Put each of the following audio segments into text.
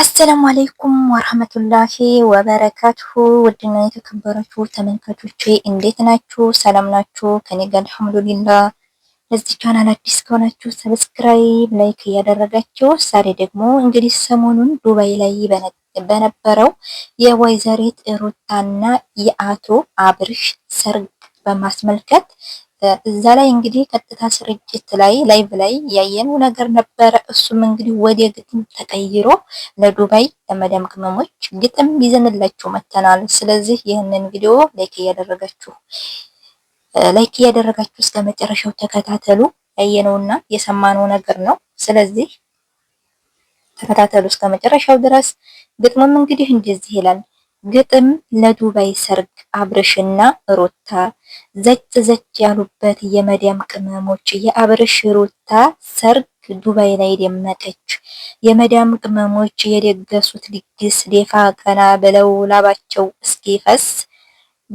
አሰላሙ አሌይኩም ወራህመቱላሂ ወበረካቱሁ ውድና የተከበራችሁ ተመልካቾቼ እንዴት ናችሁ? ሰላም ናችሁ? ከኔ ጋር አልሐምዱሊላህ። ለዚህ ቻናል አዲስ ከሆናችሁ ሰብስክራይብ፣ ላይክ እያደረጋችሁ ዛሬ ደግሞ እንግዲህ ሰሞኑን ዱባይ ላይ በነበረው የወይዘሪት ሩታና የአቶ አብርሽ ሰርግ በማስመልከት እዛ ላይ እንግዲህ ቀጥታ ስርጭት ላይ ላይቭ ላይ ያየነው ነገር ነበረ። እሱም እንግዲህ ወደ ግጥም ተቀይሮ ለዱባይ ለመዳም ቅመሞች ግጥም ይዘንላችሁ መተናል። ስለዚህ ይህንን ቪዲዮ ላይክ እያደረጋችሁ ላይክ እያደረጋችሁ እስከ መጨረሻው ተከታተሉ። ያየነውና የሰማነው ነገር ነው። ስለዚህ ተከታተሉ እስከ መጨረሻው ድረስ። ግጥሙም እንግዲህ እንደዚህ ይላል። ግጥም ለዱባይ ሰርግ አብርሽና ሩታ ዘጭ ዘጭ ያሉበት የመዲያም ቅመሞች የአብርሽ ሩታ ሰርግ ዱባይ ላይ ደመቀች። የመዲያም ቅመሞች የደገሱት ድግስ ደፋ ቀና ብለው ላባቸው እስኪፈስ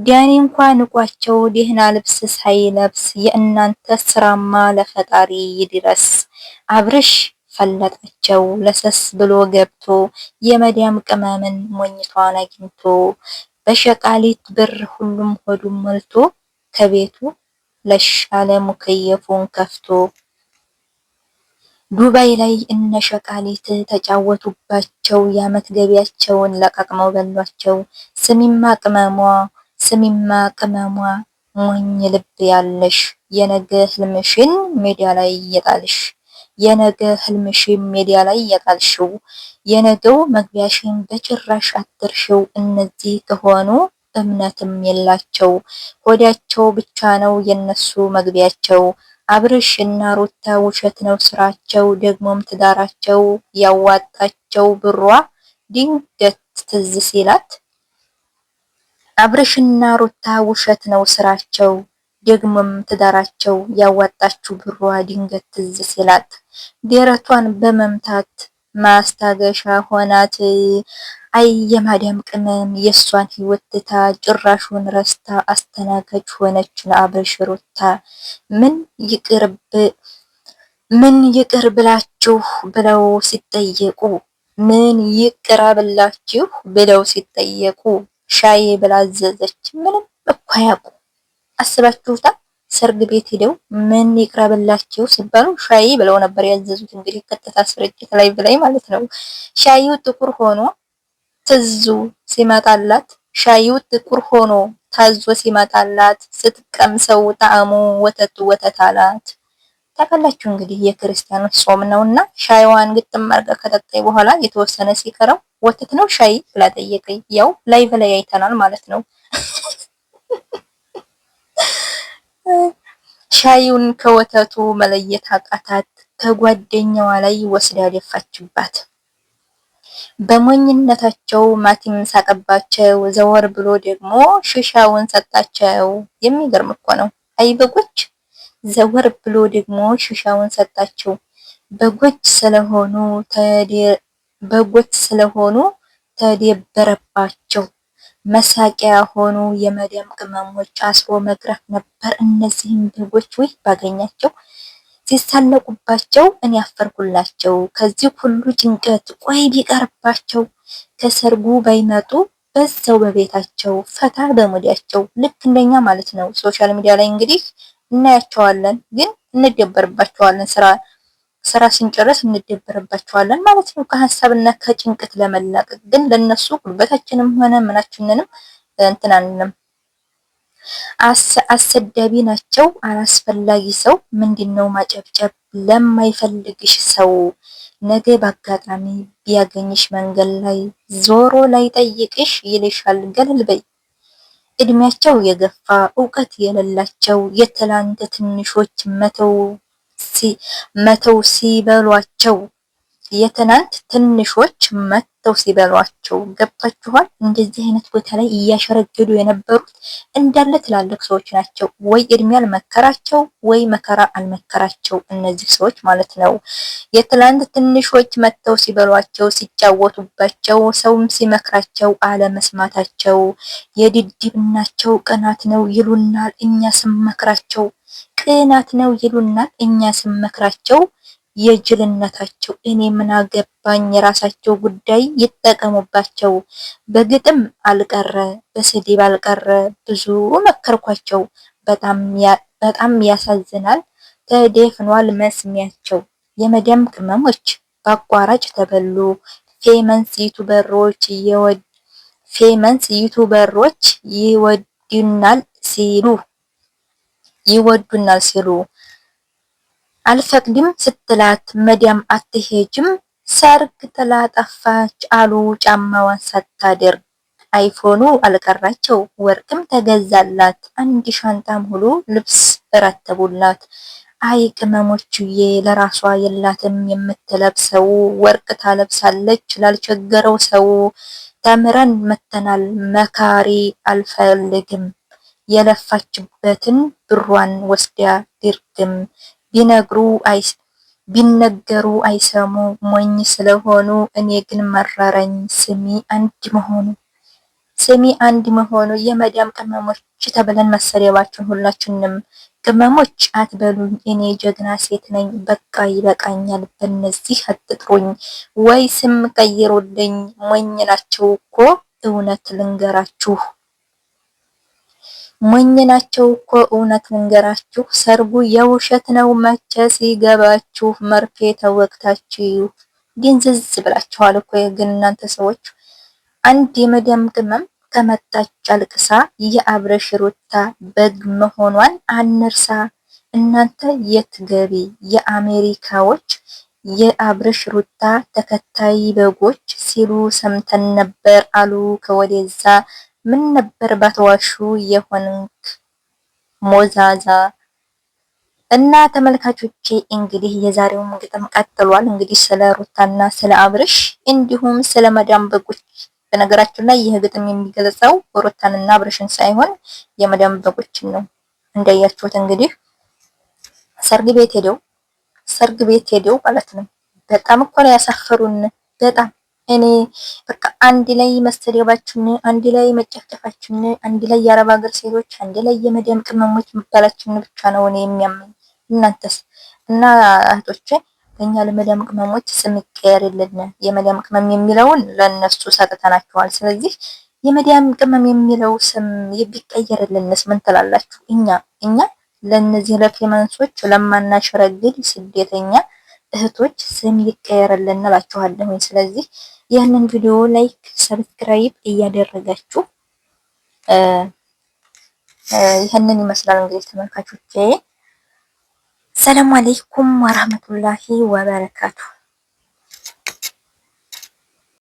ዲያኔ እንኳ ንቋቸው ደህና ልብስ ሳይለብስ የእናንተ ስራማ ለፈጣሪ ይድረስ አብርሽ ፈለጣቸው ለሰስ ብሎ ገብቶ የመዳም ቅመምን ሞኝቷን አግኝቶ በሸቃሊት ብር ሁሉም ሆዱን ሞልቶ ከቤቱ ለሻለ ሙከየፉን ከፍቶ ዱባይ ላይ እነ ሸቃሊት ተጫወቱባቸው። የአመት ገቢያቸውን ለቃቅመው በሏቸው። ስሚማ ቅመሟ ስሚማ ቅመሟ ሞኝ ልብ ያለሽ የነገ ህልምሽን ሜዳ ላይ እየጣልሽ የነገ ህልምሽን ሜዳ ላይ የጣልሽው፣ የነገው መግቢያሽን በጭራሽ አትርሽው። እነዚህ ከሆኑ እምነትም የላቸው፣ ሆዳቸው ብቻ ነው የነሱ መግቢያቸው። አብርሽ እና ሩታ ውሸት ነው ስራቸው፣ ደግሞም ትዳራቸው ያዋጣቸው ብሯ ድንገት ትዝ ሲላት እና ሩታ ውሸት ነው ስራቸው ደግሞም ትዳራቸው ያዋጣችው ብሯ ድንገት ትዝ ሲላት ደረቷን በመምታት ማስታገሻ ሆናት። አይ የማዳም ቅመም የእሷን ህይወት ትታ ጭራሹን ረስታ አስተናጋጅ ሆነች ለአብርሽ ሩታ። ምን ይቅርብ ምን ይቅር ብላችሁ ብለው ሲጠየቁ ምን ይቅራብላችሁ ብለው ሲጠየቁ ሻይ ብላዘዘች ምንም እኮ ያውቁ አስባችሁታ ሰርግ ቤት ሄደው ምን ይቅረብላቸው ሲባሉ ሻይ ብለው ነበር ያዘዙት። እንግዲህ ቀጥታ ስርጭት ላይ ብላይ ማለት ነው። ሻዩ ጥቁር ሆኖ ትዙ ሲመጣላት ሻዩ ጥቁር ሆኖ ታዞ ሲመጣላት ስትቀምሰው ጣዕሙ ወተቱ ወተት አላት። ታውቃላችሁ እንግዲህ የክርስቲያኖች ጾም ነውና ሻይዋን ግጥም አድርጋ ከጠጣይ በኋላ የተወሰነ ሲቀረው ወተት ነው ሻይ ብላ ጠየቀኝ። ያው ላይ በላይ አይተናል ማለት ነው። ሻዩን ከወተቱ መለየት አቃታት። ከጓደኛዋ ላይ ወስዳ ደፋችባት። በሞኝነታቸው ማቲም ሳቀባቸው፣ ዘወር ብሎ ደግሞ ሽሻውን ሰጣቸው። የሚገርም እኮ ነው። አይ በጎች! ዘወር ብሎ ደግሞ ሽሻውን ሰጣቸው። በጎች ስለሆኑ በጎች ስለሆኑ ተደበረባቸው። መሳቂያ ሆኑ የመዳም ቅመሞች አስሮ መግረፍ ነበር። እነዚህም በጎች ውይ ባገኛቸው ሲሳለቁባቸው እኔ አፈርኩላቸው ከዚህ ሁሉ ጭንቀት ቆይ ቢቀርባቸው ከሰርጉ ባይመጡ በዛው በቤታቸው ፈታ በሙዲያቸው ልክ እንደኛ ማለት ነው። ሶሻል ሚዲያ ላይ እንግዲህ እናያቸዋለን፣ ግን እንደበርባቸዋለን ስራ ስራ ስንጨርስ እንደበረባቸዋለን ማለት ነው። ከሀሳብና ከጭንቀት ለመላቀቅ ግን ለነሱ ጉልበታችንም ሆነ ምናችንንም እንትናንንም አሰዳቢ ናቸው። አላስፈላጊ ሰው ምንድን ነው ማጨብጨብ ለማይፈልግሽ ሰው ነገ በአጋጣሚ ቢያገኝሽ መንገድ ላይ ዞሮ ላይ ጠይቅሽ ይልሻል። ገለል በይ። እድሜያቸው የገፋ እውቀት የሌላቸው የትላንት ትንሾች መተው መተው ሲበሏቸው የትናንት ትንሾች መተው ሲበሏቸው ገብታችኋል። እንደዚህ አይነት ቦታ ላይ እያሸረገዱ የነበሩት እንዳለ ትላልቅ ሰዎች ናቸው። ወይ እድሜ አልመከራቸው ወይ መከራ አልመከራቸው እነዚህ ሰዎች ማለት ነው። የትናንት ትንሾች መተው ሲበሏቸው፣ ሲጫወቱባቸው፣ ሰውም ሲመክራቸው አለመስማታቸው የድድብናቸው ቅናት ነው ይሉናል። እኛ ስንመክራቸው ቅናት ነው ይሉና እኛ ስንመክራቸው የጅልነታቸው እኔ ምን አገባኝ፣ የራሳቸው ጉዳይ ይጠቀሙባቸው። በግጥም አልቀረ በስድብ አልቀረ ብዙ መከርኳቸው። በጣም ያሳዝናል፣ ተደፍኗል መስሚያቸው። የመዳም ቅመሞች በአቋራጭ ተበሉ። ፌመንስ ዩቱበሮች ፌመንስ ዩቱበሮች ይወዱናል ሲሉ ይወዱናል ሲሉ አልፈቅድም ስትላት መዲያም አትሄጅም ሰርግ ተላጠፋች አሉ። ጫማዋን ሳታደርግ አይፎኑ አልቀራቸው፣ ወርቅም ተገዛላት። አንድ ሻንጣም ሁሉ ልብስ እረተቡላት። አይ ቅመሞችዬ፣ ለራሷ የላትም የምትለብሰው ወርቅ ታለብሳለች ላልቸገረው ሰው። ተምረን መተናል መካሪ አልፈልግም የለፋችበትን ብሯን ወስዳ ድርግም ቢነገሩ አይሰሙ ሞኝ ስለሆኑ እኔ ግን መረረኝ ስሚ አንድ መሆኑ ስሚ አንድ መሆኑ የመዳም ቅመሞች ተብለን መሰደባችን ሁላችንም ቅመሞች አትበሉኝ፣ እኔ ጀግና ሴት ነኝ፣ በቃ ይበቃኛል፣ በነዚህ አትጥሩኝ፣ ወይ ስም ቀይሩልኝ። ሞኝ ናቸው እኮ እውነት ልንገራችሁ። ሞኝ ናቸው እኮ እውነት ልንገራችሁ፣ ሰርጉ የውሸት ነው መቼ ሲገባችሁ፣ መርፌ ግን ዝዝ ብላችኋል እኮ ግን እናንተ ሰዎች። አንድ የመደም ቅመም ከመጣች አልቅሳ የአብረሽ ሩታ በግ መሆኗን አንርሳ። እናንተ የት ገቢ የአሜሪካዎች የአብረሽ ሩታ ተከታይ በጎች ሲሉ ሰምተን ነበር አሉ ከወደዛ ምን ነበር ባትዋሹ የሆንክ ሞዛዛ እና ተመልካቾቼ እንግዲህ የዛሬውም ግጥም ቀጥሏል። እንግዲህ ስለ ሩታና ስለ አብርሽ እንዲሁም ስለ መዳም በጎች። በነገራችን ላይ ይህ ግጥም የሚገልጸው ሩታንና አብርሽን ሳይሆን የመዳም በጎችን ነው። እንዳያችሁት እንግዲህ ሰርግ ቤት ሄደው ሰርግ ቤት ሄደው ማለት ነው። በጣም እኮ ነው ያሳፈሩን በጣም እኔ በቃ አንድ ላይ መስተደባችን፣ አንድ ላይ መጨፍጨፋችን፣ አንድ ላይ የአረብ ሀገር ሴቶች፣ አንድ ላይ የመደም ቅመሞች መባላችን ብቻ ነው እኔ የሚያመኝ። እናንተስ? እና እህቶች እኛ ለመደም ቅመሞች ስንቀየር የለን የመደም ቅመም የሚለውን ለእነሱ ሰጥተናቸዋል። ስለዚህ የመዲያም ቅመም የሚለው ስም የቢቀየርልንስ ምን ትላላችሁ? እኛ እኛ ለነዚህ ለፌመንሶች ለማናሸረግድ ስደተኛ እህቶች ስም ይቀየርልን እላችኋለሁኝ። ስለዚህ ያንን ቪዲዮ ላይክ፣ ሰብስክራይብ እያደረጋችሁ ይህንን ይመስላል እንግዲህ ተመልካቾቼ። ሰላም አለይኩም ወራህመቱላሂ ወበረካቱሁ።